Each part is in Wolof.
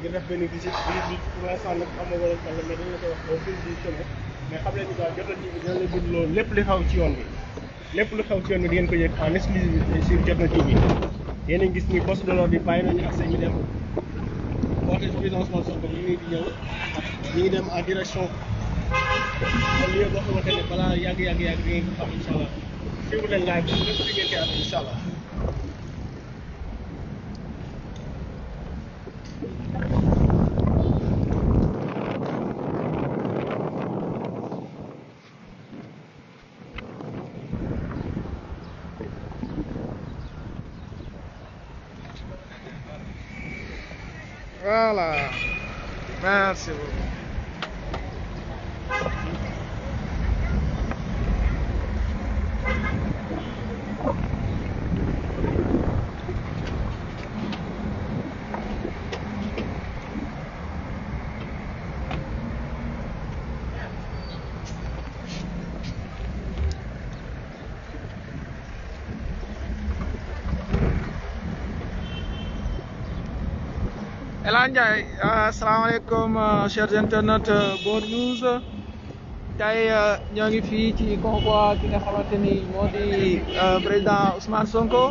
nga def benn la koy wax ba fin du semaine mais xam leen ni la bind loolu lépp li xaw ci yoon bi lépp lu xaw ci yoon bi di ngeen ko yëg en exclusivité sur Jotna TV yéen a gis ni poste de l'ordre bi bàyyi nañu ak seen i dem porte de présence man soxna ñu ngi di ñëw ñu ngi dem en direction au lieu boo xamante ne balaa yàgg yàgg yàgg di ngeen ko xam incha allah suivre leen live bi lépp di ngeen koy am incha allah Fala, Márcio. El Hadj Ndiaye euh, asalaamaaleykum internet euh, internautes euh, Bon News tey ñoo ngi fii ci convoi ki nga xamante ni président Ousmane Sonko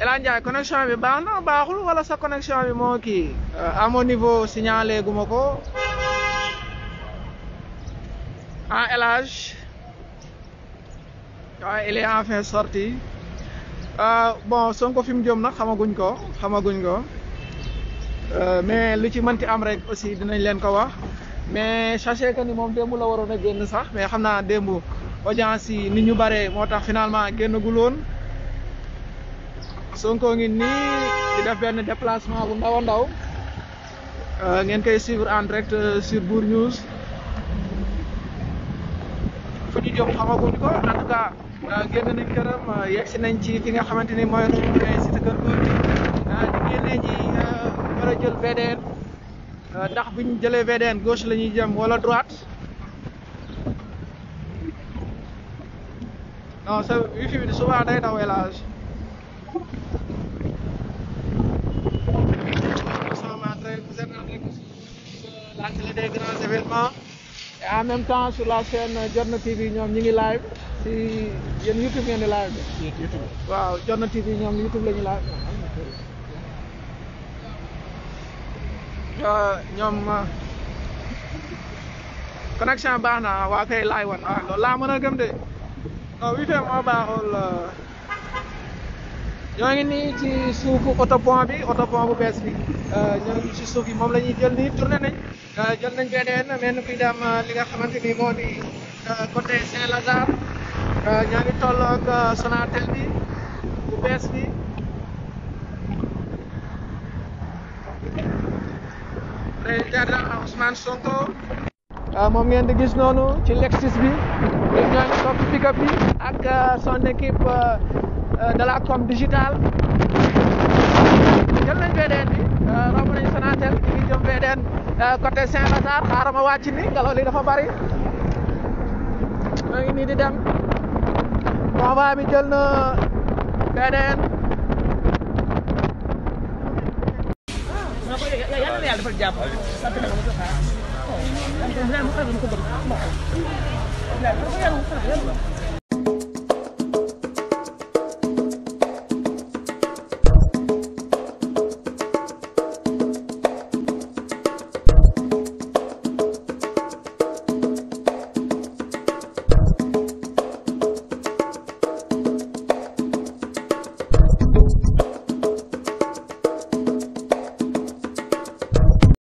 El Hadj Ndiaye connexion bi baax na baaxul wala sa connexion bi moo kii à mon niveau signale gu ma ko ah El Hadj waaye il est enfin sorti bon Sonko fi mu jëm nag xamaguñ ko xamaguñ ko. Euh, mais lu ci mënti am rek aussi dinañ leen ko wax mais sachez que ni moom démb la waroon bare moo final finalement génnagul woon sonko ngi di def benn déplacement bu ndaw ndaw euh, ngeen koy suivre en direct euh, sur Bour News fu ñu jëm xamaguñ ko en tout cas nañ nañ ci di war a jël VDN euh, ndax bu ñu jëlee VDN gauche la ñuy jëm wala droite non sa wifi bi souvent day daw élage vous êtes avec la télé des grands événements et en même temps sur la chaîne Jotna TV ñoom ñi ngi live si yéen YouTube ngeen di live bi. YouTube waaw Jotna TV ñoom YouTube la ñu live. ñoom uh, connexion baax na waa kay wan waaw laa mën a gëm de non wi moo baaxul uh, ñoo ngi nii ci suufu autopont bi autopont bu bees bi uh, ñoo ci suuf yi moom lañuy ñuy jël nii tourné nañ jël nañ beneen mel ni kuy dem li nga xamante ni moo di côté Saint-Lazare ñaa ngi toll bi bu bees bi Diarra ak Ousmane Sonko ah, moom gis noonu ci Lexus bi ñun ñoo pick-up bi ak son équipe eh, eh, de la com digital jël nañ VDN bi romb nañ Sonatel ñu jëm VDN côté Saint-Lazare xaaral wàcc ni ngelaw li dafa bari ngi nii di dem bi jël na VDN yàlla defal jàmm sant na ma sa ko bëgg